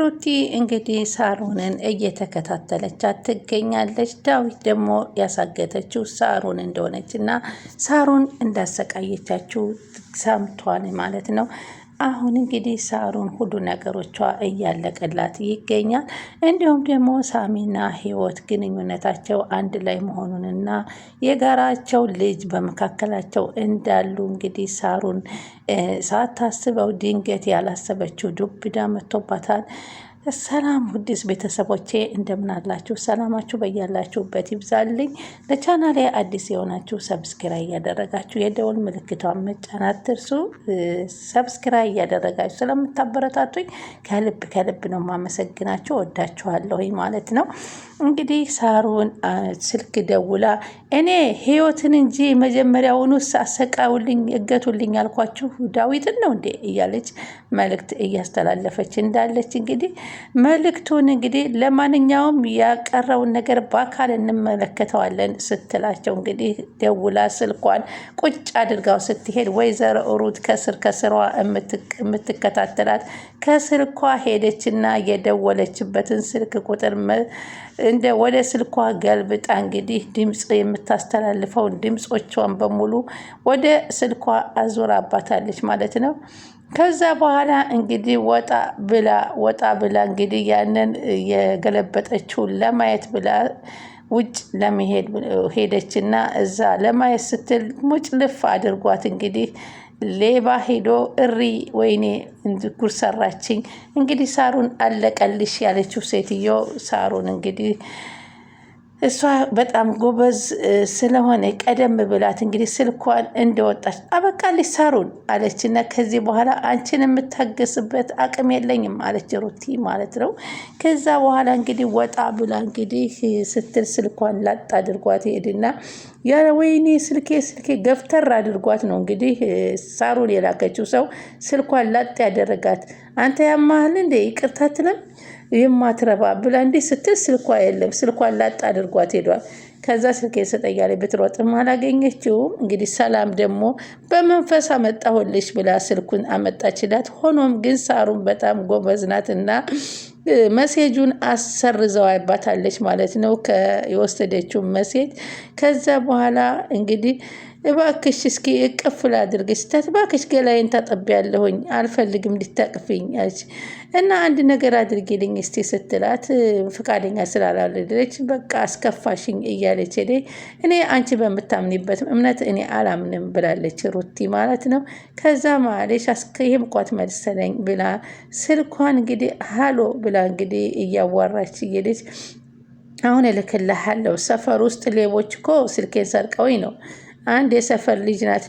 ሩቲ እንግዲህ ሳሩንን እየተከታተለቻት ትገኛለች። ዳዊት ደግሞ ያሳገተችው ሳሩን እንደሆነች እና ሳሩን እንዳሰቃየቻችው ሰምቷል ማለት ነው። አሁን እንግዲህ ሳሩን ሁሉ ነገሮቿ እያለቀላት ይገኛል። እንዲሁም ደግሞ ሳሚና ህይወት ግንኙነታቸው አንድ ላይ መሆኑንና የጋራቸው ልጅ በመካከላቸው እንዳሉ እንግዲህ ሳሩን ሳታስበው ድንገት ያላሰበችው ዱብዳ መጥቶባታል። ሰላም ውድስ ቤተሰቦቼ እንደምን አላችሁ? ሰላማችሁ በያላችሁበት ይብዛልኝ። ለቻናሌ አዲስ የሆናችሁ ሰብስክራይ እያደረጋችሁ የደውል ምልክቷን መጫን አትርሱ። ሰብስክራይ እያደረጋችሁ ስለምታበረታቱኝ ከልብ ከልብ ነው ማመሰግናችሁ። ወዳችኋለሁ ማለት ነው። እንግዲህ ሳሩን ስልክ ደውላ እኔ ህይወትን እንጂ መጀመሪያውኑስ አሰቃውልኝ እገቱልኝ ያልኳችሁ ዳዊትን ነው እንዴ እያለች መልእክት እያስተላለፈች እንዳለች እንግዲህ መልእክቱን እንግዲህ ለማንኛውም ያቀረውን ነገር በአካል እንመለከተዋለን ስትላቸው እንግዲህ ደውላ ስልኳን ቁጭ አድርጋው ስትሄድ ወይዘሮ ሩት ከስር ከስሯ የምትከታተላት ከስልኳ ሄደችና የደወለችበትን ስልክ ቁጥር እንደ ወደ ስልኳ ገልብጣ እንግዲህ ድምፅ የምታስተላልፈውን ድምፆቿን በሙሉ ወደ ስልኳ አባታለች ማለት ነው። ከዛ በኋላ እንግዲህ ወጣ ብላ ወጣ ብላ እንግዲህ ያንን የገለበጠችውን ለማየት ብላ ውጭ ለመሄድ ሄደችና እዛ ለማየት ስትል ሙጭልፍ አድርጓት እንግዲህ ሌባ ሄዶ እሪ ወይኔ ጉር ሰራችኝ እንግዲህ ሳሩን አለቀልሽ ያለችው ሴትዮ ሳሩን እንግዲህ እሷ በጣም ጎበዝ ስለሆነ ቀደም ብላት እንግዲህ ስልኳን እንደወጣች አበቃልሽ ሳሩን አለችና ከዚህ በኋላ አንቺን የምታገስበት አቅም የለኝም አለች ሩቲ ማለት ነው። ከዛ በኋላ እንግዲህ ወጣ ብላ እንግዲህ ስትል ስልኳን ላጥ አድርጓት ሄድና ያ ወይኔ ስልኬ ስልኬ ገፍተር አድርጓት ነው እንግዲህ ሳሩን የላከችው ሰው ስልኳን ላጥ ያደረጋት። አንተ ያማህል እንደ ይቅርታትንም የማትረባ ብላ እንዲህ ስትል ስልኳ የለም ስልኳን ላጥ አድርጓት ሄዷል። ከዛ ስልኬ የሰጠኛ ላይ ብትሮጥም አላገኘችውም። እንግዲህ ሰላም ደግሞ በመንፈስ አመጣሁልሽ ብላ ስልኩን አመጣችላት። ሆኖም ግን ሳሩን በጣም ጎበዝ እና መሴጁን አሰርዘዋባታለች ማለት ነው። የወሰደችውን መሴጅ ከዛ በኋላ እንግዲህ እባክሽ እስኪ እቅፍል አድርግ ስታት፣ እባክሽ ገላይን ታጠቢያለሁኝ አልፈልግም ልታቅፍኝ አለች እና አንድ ነገር አድርጊልኝ እስቲ ስትላት ፈቃደኛ ስላላለች በቃ አስከፋሽኝ እያለች ሄደ እኔ አንቺ በምታምኒበት እምነት እኔ አላምንም ብላለች ሩቲ ማለት ነው። ከዛ ማለሽ አስከይም ቋት መልሰለኝ ብላ ስልኳን እንግዲህ ሀሎ ብላ እንግዲህ እያዋራች እየሄደች አሁን እልክልሃለሁ ሰፈር ውስጥ ሌቦች እኮ ስልኬን ሰርቀውኝ ነው አንድ የሰፈር ልጅ ናት።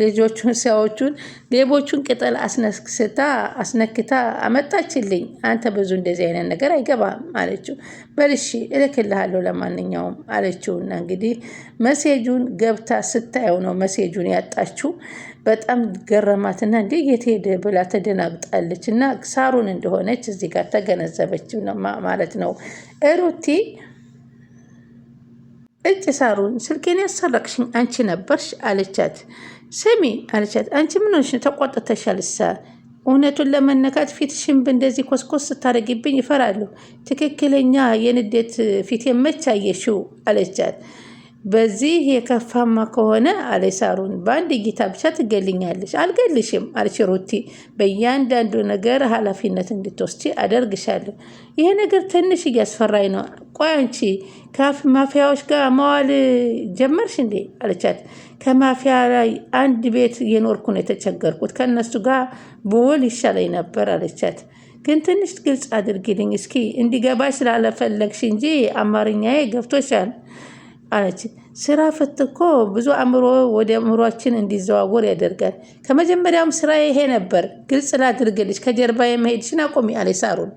ልጆቹን ሰዎቹን ሌቦቹን ቅጠል አስነስታ አስነክታ አመጣችልኝ። አንተ ብዙ እንደዚህ አይነት ነገር አይገባም አለችው። በልሺ እልክልሃለሁ ለማንኛውም አለችውና እንግዲህ መሴጁን ገብታ ስታየው ነው መሴጁን ያጣችው። በጣም ገረማትና እንዲ የት ሄደ ብላ ተደናግጣለች። እና ሳሩን እንደሆነች እዚህ ጋር ተገነዘበች ማለት ነው ሩቲ እጭ ሳሩን ስልኬን ያሰረቅሽኝ አንቺ ነበርሽ አለቻት። ስሚ አለቻት፣ አንቺ ምን ሆንሽ ነው እውነቱን ለመነካት ፊትሽን እንደዚህ ኮስኮስ ስታደርጊብኝ ይፈራለሁ። ትክክለኛ የንዴት ፊት መች አየሽው? አለቻት። በዚህ የከፋማ ከሆነ አለች ሳሩን፣ በአንድ እይታ ብቻ ትገልኛለሽ። አልገልሽም አለች ሩቲ። በእያንዳንዱ ነገር ኃላፊነት እንድትወስጂ አደርግሻለሁ። ይሄ ነገር ትንሽ እያስፈራኝ ነው ቆይ አንቺ ከአፍ ማፊያዎች ጋር መዋል ጀመርሽ እንዴ አለቻት። ከማፊያ ላይ አንድ ቤት የኖርኩ ነው የተቸገርኩት፣ ከእነሱ ጋር ብውል ይሻለኝ ነበር አለቻት። ግን ትንሽ ግልጽ አድርጊልኝ እስኪ እንዲገባ ስላለፈለግሽ እንጂ አማርኛዬ ገብቶሻል አለች። ስራ ፈት እኮ ብዙ አእምሮ ወደ አእምሯችን እንዲዘዋወር ያደርጋል። ከመጀመሪያውም ስራ ይሄ ነበር። ግልጽ ላድርግልሽ ከጀርባ የመሄድሽን አቆሚ አለች ሳሩን።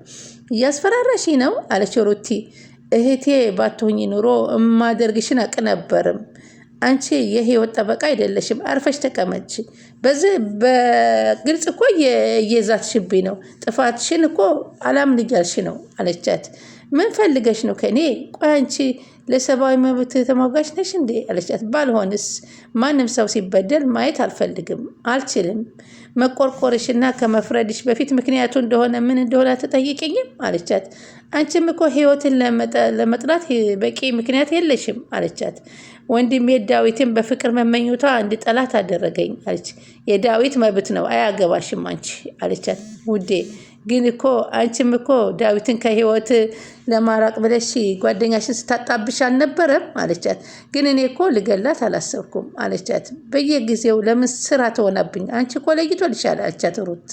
እያስፈራራሽ ነው አለች ሩቲ። እህቴ ባትሆኝ ኑሮ እማደርግሽን አቅ ነበርም። አንቺ የህይወት ጠበቃ አይደለሽም፣ አርፈሽ ተቀመጭ። በዚህ በግልጽ እኮ እየዛትሽብኝ ነው፣ ጥፋትሽን እኮ አላምን እያልሽ ነው አለቻት። ምን ፈልገሽ ነው ከኔ? ቆይ አንቺ ለሰብአዊ መብት ተሟጋች ነሽ እንዴ? አለቻት። ባልሆንስ ማንም ሰው ሲበደል ማየት አልፈልግም፣ አልችልም መቆርቆርሽና ከመፍረድሽ በፊት ምክንያቱ እንደሆነ ምን እንደሆነ አትጠይቅኝም አለቻት። አንቺም እኮ ህይወትን ለመጥላት በቂ ምክንያት የለሽም አለቻት። ወንድሜ ዳዊትን በፍቅር መመኙታ አንድ ጠላት አደረገኝ አለች። የዳዊት መብት ነው አያገባሽም አንቺ አለቻት። ውዴ ግን እኮ አንቺም እኮ ዳዊትን ከህይወት ለማራቅ ብለሽ ጓደኛሽን ስታጣብሽ አልነበረም አለቻት። ግን እኔ እኮ ልገላት አላሰብኩም አለቻት። በየጊዜው ለምን ስራ ትሆናብኝ? አንቺ እኮ ለይቶልሻል አለቻት። ሩት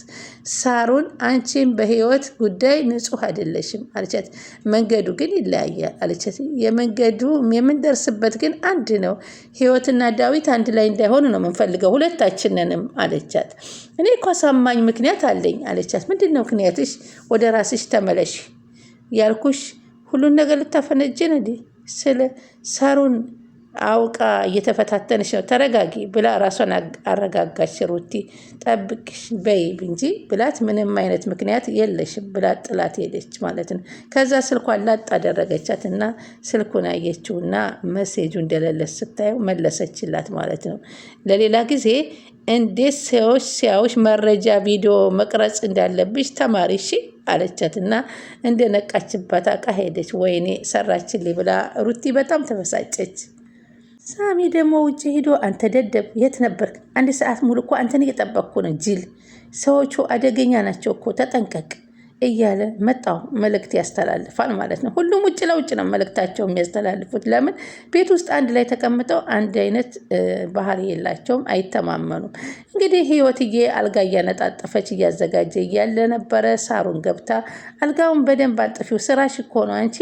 ሳሩን፣ አንቺን በህይወት ጉዳይ ንጹህ አይደለሽም አለቻት። መንገዱ ግን ይለያያል አለቻት። የመንገዱ የምንደርስበት ግን አንድ ነው። ህይወትና ዳዊት አንድ ላይ እንዳይሆኑ ነው የምንፈልገው ሁለታችንንም አለቻት። እኔ እኮ አሳማኝ ምክንያት አለኝ አለቻት። ምንድን ነው ምክንያትሽ? ወደ ራስሽ ተመለሽ ያልኩሽ ሁሉን ነገር ልታፈነጅን እንዴ? ስለ ሳሩን አውቃ እየተፈታተንሽ ነው። ተረጋጊ ብላ ራሷን አረጋጋች። ሩቲ ጠብቅሽ በይ እንጂ ብላት ምንም አይነት ምክንያት የለሽም ብላ ጥላት ሄደች ማለት ነው። ከዛ ስልኳን ላጥ አደረገቻት እና ስልኩን አየችው እና መሴጁ እንደሌለ ስታየው መለሰችላት ማለት ነው። ለሌላ ጊዜ እንዴት ሰዎች ሲያዩሽ መረጃ ቪዲዮ መቅረጽ እንዳለብሽ ተማሪ እሺ። አለቻት እና ነቃችበት አቃ ሄደች። ወይኔ ሰራችልኝ ብላ ሩቲ በጣም ተበሳጨች። ሳሚ ደግሞ ውጭ ሂዶ አንተ ደደብ የት ነበርክ? አንድ ሰዓት ሙሉ እኮ አንተን እየጠበቅኩ ነው። ጅል ሰዎቹ አደገኛ ናቸው እኮ ተጠንቀቅ እያለ መጣው መልእክት ያስተላልፋል ማለት ነው። ሁሉም ውጭ ለውጭ ነው መልእክታቸው የሚያስተላልፉት። ለምን ቤት ውስጥ አንድ ላይ ተቀምጠው አንድ አይነት ባህሪ የላቸውም፣ አይተማመኑም። እንግዲህ ህይወትዬ አልጋ እያነጣጠፈች እያዘጋጀ እያለ ነበረ ሳሩን ገብታ አልጋውን በደንብ አንጥፊው፣ ስራሽ እኮ ነው አንቺ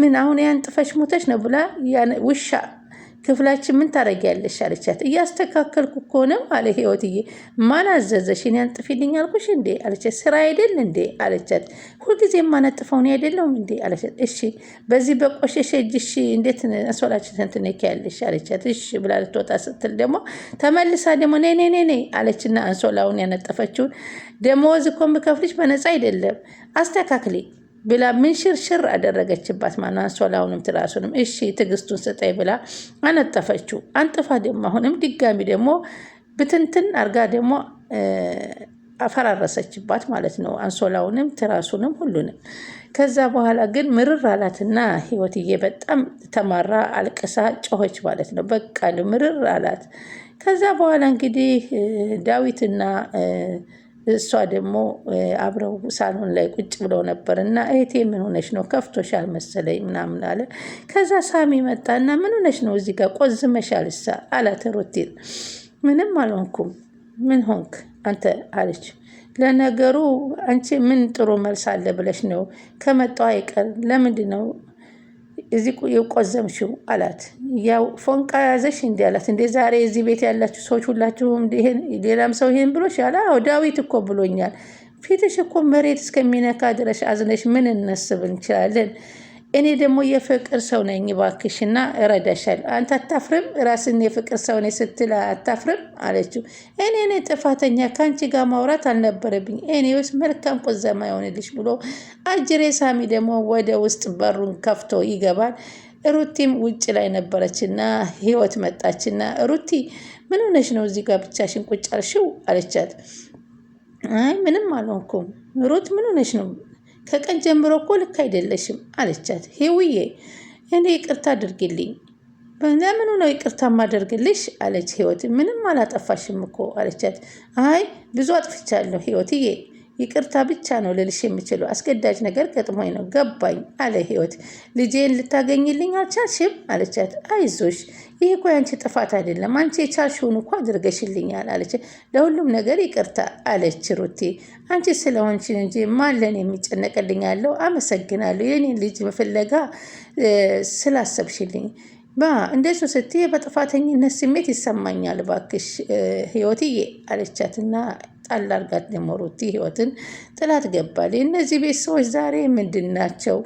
ምን አሁን ያን ጥፈሽ ሙተሽ ነው ብላ ውሻ ክፍላችን ምን ታደርጊያለሽ አለቻት። እያስተካከልኩ ከሆነም አለ ህይወትዬ። ማን አዘዘሽ? እኔ አንጥፊልኝ አልኩሽ እንዴ አለቻት። ስራ አይደል እንዴ አለቻት። ሁልጊዜ የማነጥፈውን አይደለሁም እንዴ አለቻት። እሺ በዚህ በቆሸሸ እጅሽ እንዴት አንሶላችንን ትነኪያለሽ አለቻት። እሺ ብላ ልትወጣ ስትል ደግሞ ተመልሳ ደግሞ ኔ ኔ ኔ አለችና አንሶላውን ያነጠፈችውን ደሞዝ እኮ የምከፍልሽ በነፃ አይደለም አስተካክሌ ብላ ምን ሽርሽር አደረገችባት። ማና አንሶላውንም ትራሱንም እሺ ትግስቱን ስጠይ ብላ አነጠፈችው። አንጥፋ ደግሞ አሁንም ድጋሚ ደግሞ ብትንትን አርጋ ደግሞ አፈራረሰችባት ማለት ነው። አንሶላውንም ትራሱንም ሁሉንም። ከዛ በኋላ ግን ምርር አላትና ህይወትዬ በጣም ተማራ አልቅሳ ጮኸች ማለት ነው። በቃ ምርር አላት። ከዛ በኋላ እንግዲህ ዳዊትና እሷ ደግሞ አብረው ሳሎን ላይ ቁጭ ብለው ነበር እና እህቴ ምን ሆነሽ ነው ከፍቶሻል መሰለኝ ምናምን አለ። ከዛ ሳሚ መጣ እና ምን ሆነሽ ነው እዚህ ጋር ቆዝመሻል እሳ አላት ሩቴን። ምንም አልሆንኩም። ምን ሆንክ አንተ አለች። ለነገሩ አንቺ ምን ጥሩ መልስ አለ ብለሽ ነው ከመጣሁ አይቀር ለምንድን ነው እዚህ የቆዘምሽው አላት። ያው ፎንቃ ያዘሽ እንዲ አላት። እንደ ዛሬ እዚህ ቤት ያላችሁ ሰዎች ሁላችሁም ሌላም ሰው ይህን ብሎሽ አላ? ዳዊት እኮ ብሎኛል። ፊትሽ እኮ መሬት እስከሚነካ ድረስ አዝነሽ ምን እነስብ እንችላለን እኔ ደግሞ የፍቅር ሰው ነኝ እና እረዳሻል። አንተ አታፍርም? ራስን የፍቅር ሰው ነኝ ስትል አታፍርም አለችው። እኔ እኔ ጥፋተኛ ከአንቺ ጋር ማውራት አልነበረብኝ። እኔ ውስጥ መልካም ቆዘማ ይሆንልሽ ብሎ አጅሬ ሳሚ ደግሞ ወደ ውስጥ በሩን ከፍቶ ይገባል። ሩቲም ውጭ ላይ ነበረችና ህይወት መጣችና ሩቲ ምን ሆነሽ ነው እዚህ ጋር ብቻሽን ቁጭ አልሽው? አለቻት። አይ ምንም አልሆንኩም ሩት ምን ሆነሽ ነው ከቀን ጀምሮ እኮ ልክ አይደለሽም አለቻት። ሄውዬ እኔ ይቅርታ አድርግልኝ ለምኑ ነው ይቅርታ ማደርግልሽ? አለች ህይወት። ምንም አላጠፋሽም እኮ አለቻት። አይ ብዙ አጥፍቻለሁ ህይወትዬ ይቅርታ ብቻ ነው ልልሽ የምችለው። አስገዳጅ ነገር ገጥሞኝ ነው ገባኝ አለ ህይወት። ልጄን ልታገኝልኝ አልቻልሽም አለቻት። አይዞሽ ይህ እኮ ያንቺ ጥፋት አይደለም፣ አንቺ የቻልሽውን እኮ አድርገሽልኛል አለች። ለሁሉም ነገር ይቅርታ አለች ሩቴ። አንቺ ስለሆንሽ እንጂ ማለን የሚጨነቅልኝ አለው። አመሰግናለሁ የኔን ልጅ ፍለጋ ስላሰብሽልኝ ባ እንደሱ ስትይ በጥፋተኝነት ስሜት ይሰማኛል፣ እባክሽ ህይወትዬ አለቻትና ጣል አድርጋት ደግሞ ህይወትን ጥላት ገባል። እነዚህ ቤት ሰዎች ዛሬ ምንድን ናቸው?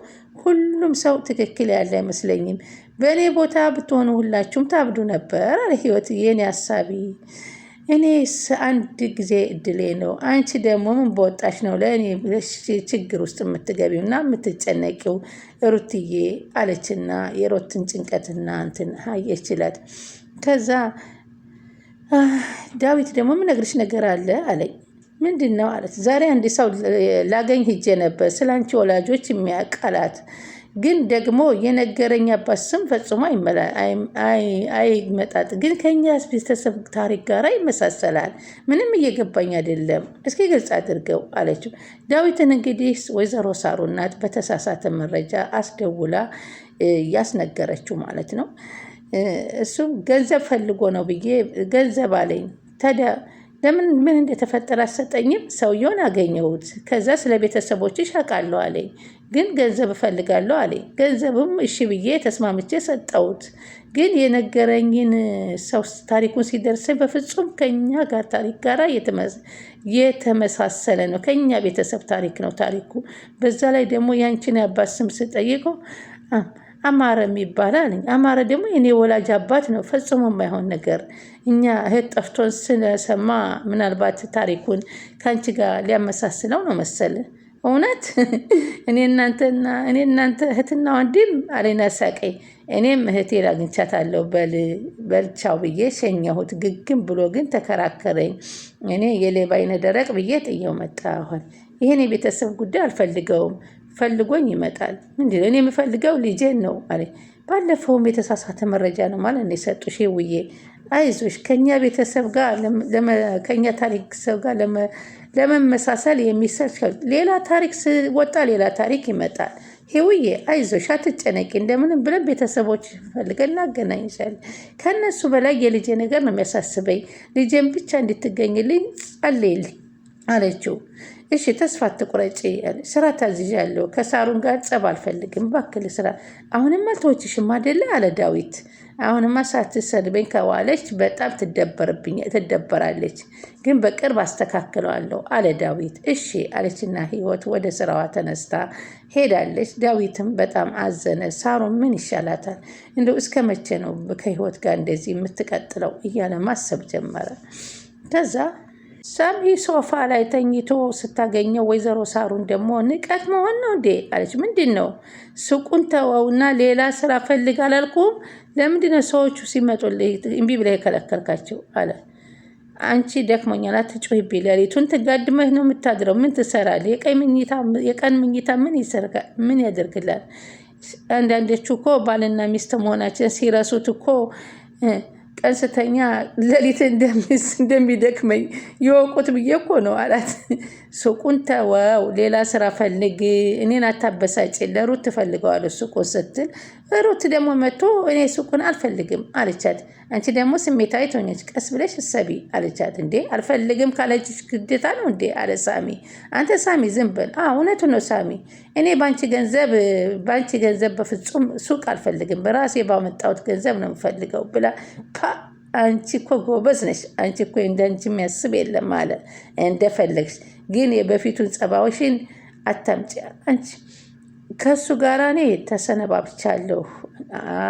ሁሉም ሰው ትክክል ያለ አይመስለኝም። በእኔ ቦታ ብትሆኑ ሁላችሁም ታብዱ ነበር። ህይወት የኔ ሀሳቢ እኔ አንድ ጊዜ እድሌ ነው። አንቺ ደግሞ ምን በወጣሽ ነው ለእኔ ብለሽ ችግር ውስጥ የምትገቢው እና የምትጨነቂው ሩትዬ አለችና የሮትን ጭንቀትና እንትን አየችላት ከዛ ዳዊት ደግሞ የምነግርሽ ነገር አለ አለኝ። ምንድን ነው አለት። ዛሬ አንድ ሰው ላገኝ ሂጄ ነበር ስላንቺ ወላጆች የሚያቀላት ግን ደግሞ የነገረኝ አባት ስም ፈጽሞ አይመጣጥ፣ ግን ከኛ ቤተሰብ ታሪክ ጋር ይመሳሰላል። ምንም እየገባኝ አይደለም፣ እስኪ ግልጽ አድርገው አለችው። ዳዊትን እንግዲህ ወይዘሮ ሳሩ እናት በተሳሳተ መረጃ አስደውላ ያስነገረችው ማለት ነው። እሱም ገንዘብ ፈልጎ ነው ብዬ ገንዘብ አለኝ ታዲያ ለምን ምን እንደተፈጠረ አሰጠኝም። ሰውየውን አገኘሁት። ከዛ ስለ ቤተሰቦችሽ አውቃለሁ አለኝ፣ ግን ገንዘብ እፈልጋለሁ አለኝ። ገንዘብም እሺ ብዬ ተስማምቼ ሰጠሁት። ግን የነገረኝን ሰው ታሪኩን ሲደርሰኝ በፍጹም ከኛ ጋር ታሪክ ጋር የተመሳሰለ ነው። ከኛ ቤተሰብ ታሪክ ነው ታሪኩ። በዛ ላይ ደግሞ ያንቺን ያባት ስም ስጠይቀው አማረ የሚባል አለኝ። አማረ ደግሞ የኔ ወላጅ አባት ነው። ፈጽሞ የማይሆን ነገር እኛ እህት ጠፍቶን ስለሰማ ምናልባት ታሪኩን ከአንቺ ጋር ሊያመሳስለው ነው መሰል። እውነት እኔ እናንተና እኔ እናንተ እህትና ወንድም አለና ሳቀኝ። እኔም ላግንቻት አለው በልቻው ብዬ ሸኘሁት። ግግም ብሎ ግን ተከራከረኝ። እኔ የሌባ አይነ ደረቅ ብዬ ጥየው መጣ። ይህን የቤተሰብ ጉዳይ አልፈልገውም። ፈልጎኝ ይመጣል። ነው እኔ የምፈልገው ልጄን ነው አለ። ባለፈውም የተሳሳተ መረጃ ነው ማለት ነው የሰጡሽ ውዬ አይዞሽ ከኛ ቤተሰብ ጋር ከኛ ታሪክሰብ ጋር ለመመሳሰል የሚሰል ሌላ ታሪክ ስወጣ ሌላ ታሪክ ይመጣል። ሄውዬ አይዞሽ አትጨነቂ፣ እንደምንም ብለን ቤተሰቦች ፈልገን እናገናኝሻለን። ከእነሱ በላይ የልጄ ነገር ነው የሚያሳስበኝ። ልጄን ብቻ እንድትገኝልኝ ጸልይልኝ አለችው። እሺ ተስፋ አትቁረጪ፣ ስራ ታዝዣለሁ። ከሳሩን ጋር ጸብ አልፈልግም። ባክል ስራ አሁንም አልተወችሽም አይደለ? አለ ዳዊት። አሁንማ ሳትሰድበኝ ከዋለች በጣም ትደበራለች፣ ግን በቅርብ አስተካክለዋለሁ አለ ዳዊት። እሺ አለችና ህይወት ወደ ስራዋ ተነስታ ሄዳለች። ዳዊትም በጣም አዘነ። ሳሩ ምን ይሻላታል? እንደው እስከ መቼ ነው ከህይወት ጋር እንደዚህ የምትቀጥለው? እያለ ማሰብ ጀመረ። ከዛ ሰሚ ሶፋ ላይ ተኝቶ ስታገኘው ወይዘሮ ሳሩን ደግሞ ንቀት መሆን ነው እንዴ አለች። ምንድን ነው ሱቁን ተወውና ሌላ ስራ ፈልግ አላልኩም? ለምንድን ሰዎቹ ሲመጡልህ እምቢ ብለህ የከለከልካቸው? አለ። አንቺ ደክሞኛል፣ አትጩሂብኝ። ሌሊቱን ትጋድመህ ነው የምታድረው። ምን ትሰራል? የቀን ምኝታ ምን ይሰርጋል? ምን ያደርግላል? አንዳንዶቹ እኮ ባልና ሚስት መሆናችን ሲረሱት እኮ ቀን ስተኛ ሌሊት እንደሚደክመኝ የወቁት ብዬ እኮ ነው አላት። ሱቁን ተወው፣ ሌላ ስራ ፈልግ፣ እኔን አታበሳጭ። ለሩት ትፈልገዋለች ሱቁን ስትል ሩት ደግሞ መጥቶ እኔ ሱቁን አልፈልግም አለቻት። አንቺ ደግሞ ስሜታዊ ትሆኛች፣ ቀስ ብለሽ እሰቢ አለቻት። እንዴ አልፈልግም ካለችሽ ግዴታ ነው እንዴ አለ ሳሚ። አንተ ሳሚ ዝም በል። እውነቱ ነው ሳሚ፣ እኔ በአንቺ ገንዘብ በአንቺ ገንዘብ በፍጹም ሱቅ አልፈልግም፣ በራሴ ባመጣሁት ገንዘብ ነው የምፈልገው ብላ አንቺ እኮ ጎበዝ ነሽ፣ አንቺ እኮ እንደንቺ የሚያስብ የለም አለ። እንደፈለግሽ ግን የበፊቱን ጸባዎሽን አታምጪ አንቺ ከእሱ ጋር እኔ ተሰነባብቻለሁ።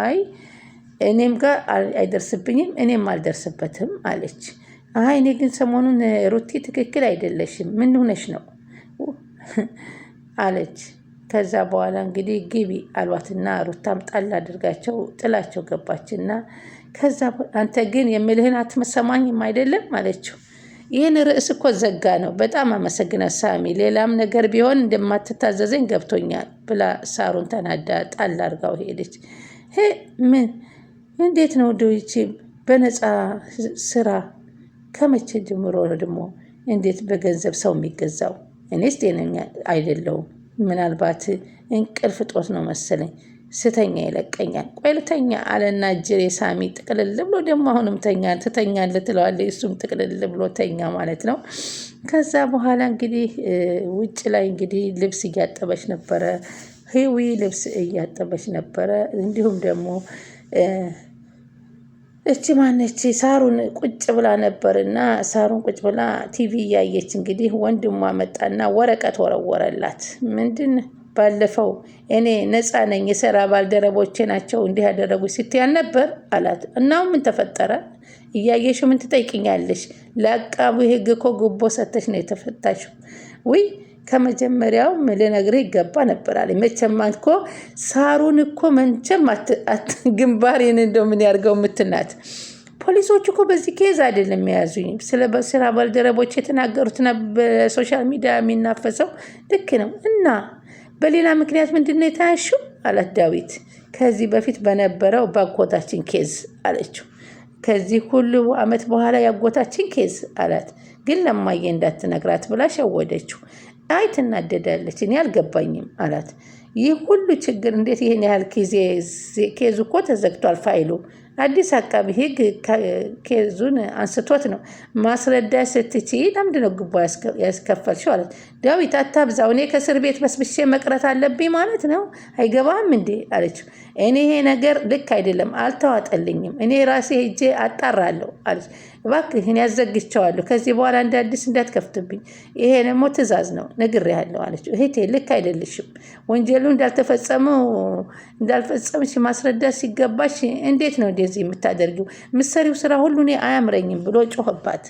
አይ እኔም ጋር አይደርስብኝም እኔም አልደርስበትም አለች። አይ እኔ ግን ሰሞኑን ሩቲ ትክክል አይደለሽም፣ ምን ሆነሽ ነው አለች። ከዛ በኋላ እንግዲህ ግቢ አሏትና ሩታም ጣል አድርጋቸው ጥላቸው ገባችና ከዛ አንተ ግን የምልህን አትመሰማኝም አይደለም አለችው። ይህን ርዕስ እኮ ዘጋ ነው። በጣም አመሰግናት ሳሚ፣ ሌላም ነገር ቢሆን እንደማትታዘዘኝ ገብቶኛል ብላ ሳሩን ተናዳ ጣል አርጋው ሄደች። ሄ ምን እንዴት ነው ዶይቺ በነፃ ስራ ከመቼ ጀምሮ ደግሞ እንዴት በገንዘብ ሰው የሚገዛው? እኔስ ጤነኛ አይደለውም። ምናልባት እንቅልፍ ጦት ነው መሰለኝ። ስተኛ ይለቀኛል። ቆይ ልተኛ አለና ጅሬ ሳሚ ጥቅልል ብሎ ደግሞ አሁንም ተኛ ትተኛለህ ትለዋለች። እሱም ጥቅልል ብሎ ተኛ ማለት ነው። ከዛ በኋላ እንግዲህ ውጭ ላይ እንግዲህ ልብስ እያጠበች ነበረ ህዊ ልብስ እያጠበች ነበረ። እንዲሁም ደግሞ እቺ ማነች ሳሩን ቁጭ ብላ ነበር እና ሳሩን ቁጭ ብላ ቲቪ እያየች እንግዲህ ወንድሟ መጣና ወረቀት ወረወረላት ምንድን ባለፈው እኔ ነፃ ነኝ የስራ ባልደረቦቼ ናቸው እንዲህ ያደረጉ ስትያል ነበር አላት። እናው ምን ተፈጠረ? እያየሽ ምን ትጠይቅኛለሽ? ለአቃቢ ህግ እኮ ጉቦ ሰተሽ ነው የተፈታሽው። ውይ ከመጀመሪያው ልነግርህ ይገባ ነበር አለ። መቼም እኮ ሳሩን እኮ መንቸም ግንባሬን እንደው ምን ያርገው ምትናት ፖሊሶች እኮ በዚህ ኬዝ አይደለም የያዙኝ። ስለ ስራ ባልደረቦች የተናገሩት ሶሻል ሚዲያ የሚናፈሰው ልክ ነው እና በሌላ ምክንያት ምንድን ነው የታያሽው? አላት ዳዊት። ከዚህ በፊት በነበረው ባጎታችን ኬዝ አለችው። ከዚህ ሁሉ አመት በኋላ ያጎታችን ኬዝ አላት። ግን ለማየ እንዳትነግራት ብላ ሸወደችው። አይ ትናደዳለች፣ እኔ አልገባኝም አላት። ይህ ሁሉ ችግር እንዴት ይህን ያህል ኬዝ? እኮ ተዘግቷል ፋይሉ አዲስ አቃቢ ህግ ኬዙን አንስቶት ነው። ማስረዳ ስትቺ ለምንድን ነው ግቦ ያስከፈልሽው? አለች ዳዊት። አታብዛው፣ እኔ ከእስር ቤት በስብሼ መቅረት አለብኝ ማለት ነው። አይገባም እንዴ አለችው። እኔ ይሄ ነገር ልክ አይደለም፣ አልተዋጠልኝም። እኔ ራሴ ሄጄ አጣራለሁ አለች። እባክህን ያዘግቼዋለሁ፣ ከዚህ በኋላ እንደ አዲስ እንዳትከፍትብኝ፣ ይሄ ደግሞ ትእዛዝ ነው ነግሬሃለሁ አለችው። እህቴ ልክ አይደለሽም፣ ወንጀሉ እንዳልተፈጸመው እንዳልፈጸምሽ ማስረዳት ሲገባሽ እንዴት ነው እንደዚህ የምታደርጊው? ምሰሪው ስራ ሁሉ እኔ አያምረኝም ብሎ ጮኸባት።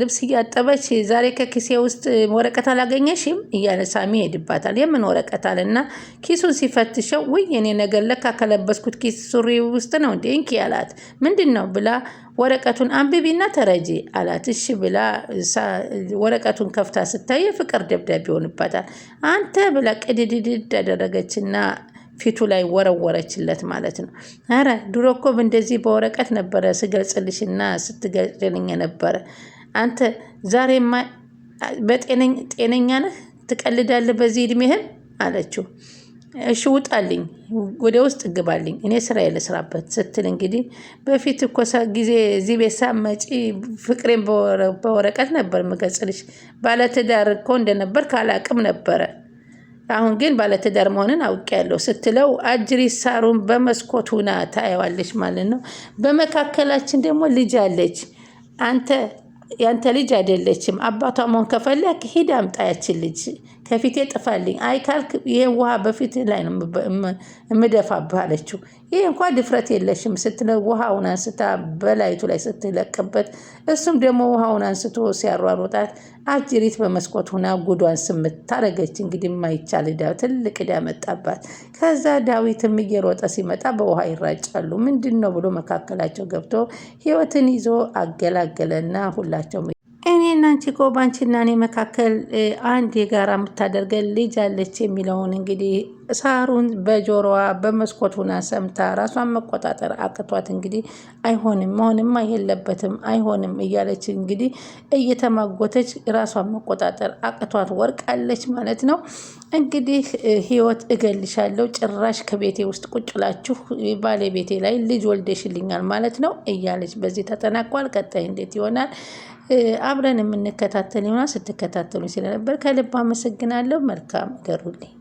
ልብስ እያጠበች ዛሬ ከኪሴ ውስጥ ወረቀት አላገኘሽም እያለ ሳሚ ይሄድባታል። የምን ወረቀት አለና ኪሱን ሲፈትሸው ውይ የኔ ነገር ለካ ከለበስኩት ኪስ ሱሪ ውስጥ ነው እንዴ እንኪ አላት። ምንድን ነው ብላ ወረቀቱን አንብቢና ተረጂ አላት። እሺ ብላ ወረቀቱን ከፍታ ስታይ የፍቅር ደብዳቤ ሆንባታል። አንተ ብላ ቅድድድድ አደረገችና ፊቱ ላይ ወረወረችለት ማለት ነው። አረ ድሮ እኮ እንደዚህ በወረቀት ነበረ ስገልጽልሽና ስትገልጽልኝ የነበረ አንተ ዛሬማ በጤነኛ ነህ? ትቀልዳለህ በዚህ እድሜህን አለችው። እሺ ውጣልኝ፣ ወደ ውስጥ እግባልኝ፣ እኔ ስራ የልስራበት ስትል እንግዲህ በፊት እኮ ጊዜ እዚህ ቤት ሳትመጪ ፍቅሬን በወረቀት ነበር የምገልጽልሽ። ባለትዳር እኮ እንደነበር ካላቅም ነበረ አሁን ግን ባለትዳር መሆንን አውቄያለሁ ስትለው አጅሪ ሳሩን በመስኮት ሁና ታየዋለች ማለት ነው። በመካከላችን ደግሞ ልጅ አለች። አንተ ያንተ ልጅ አይደለችም። አባቷ መሆን ከፈለክ ሂድ አምጣ ያችን ልጅ ከፊቴ ጥፋልኝ። አይ ካልክ ይሄ ውሃ በፊት ላይ ነው የምደፋብህ አለችው። ይህ እንኳ ድፍረት የለሽም ስትለው ውሃውን አንስታ በላይቱ ላይ ስትለቅበት፣ እሱም ደግሞ ውሃውን አንስቶ ሲያሯሩጣት አጅሪት በመስኮት ሁና ጉዷን ስምታረገች ታረገች። እንግዲህ ትልቅ ዳ መጣባት። ከዛ ዳዊትም እየሮጠ ሲመጣ በውሃ ይራጫሉ። ምንድን ነው ብሎ መካከላቸው ገብቶ ህይወትን ይዞ አገላገለና ሁላቸው እኔና አንቺ እኮ በአንቺና እኔ መካከል አንድ የጋራ የምታደርገን ልጅ አለች የሚለውን እንግዲህ ሳሩን በጆሮዋ በመስኮት ሁና ሰምታ ራሷን መቆጣጠር አቅቷት እንግዲህ አይሆንም፣ መሆንማ የለበትም አይሆንም እያለች እንግዲህ እየተማጎተች ራሷን መቆጣጠር አቅቷት ወርቃለች ማለት ነው። እንግዲህ ህይወት እገልሻለሁ፣ ጭራሽ ከቤቴ ውስጥ ቁጭ ላችሁ ባለቤቴ ላይ ልጅ ወልደሽልኛል ማለት ነው እያለች በዚህ ተጠናቋል። ቀጣይ እንዴት ይሆናል? አብረን የምንከታተል ይሆናል። ስትከታተሉ ስለነበር ከልብ አመሰግናለሁ። መልካም ገሩልኝ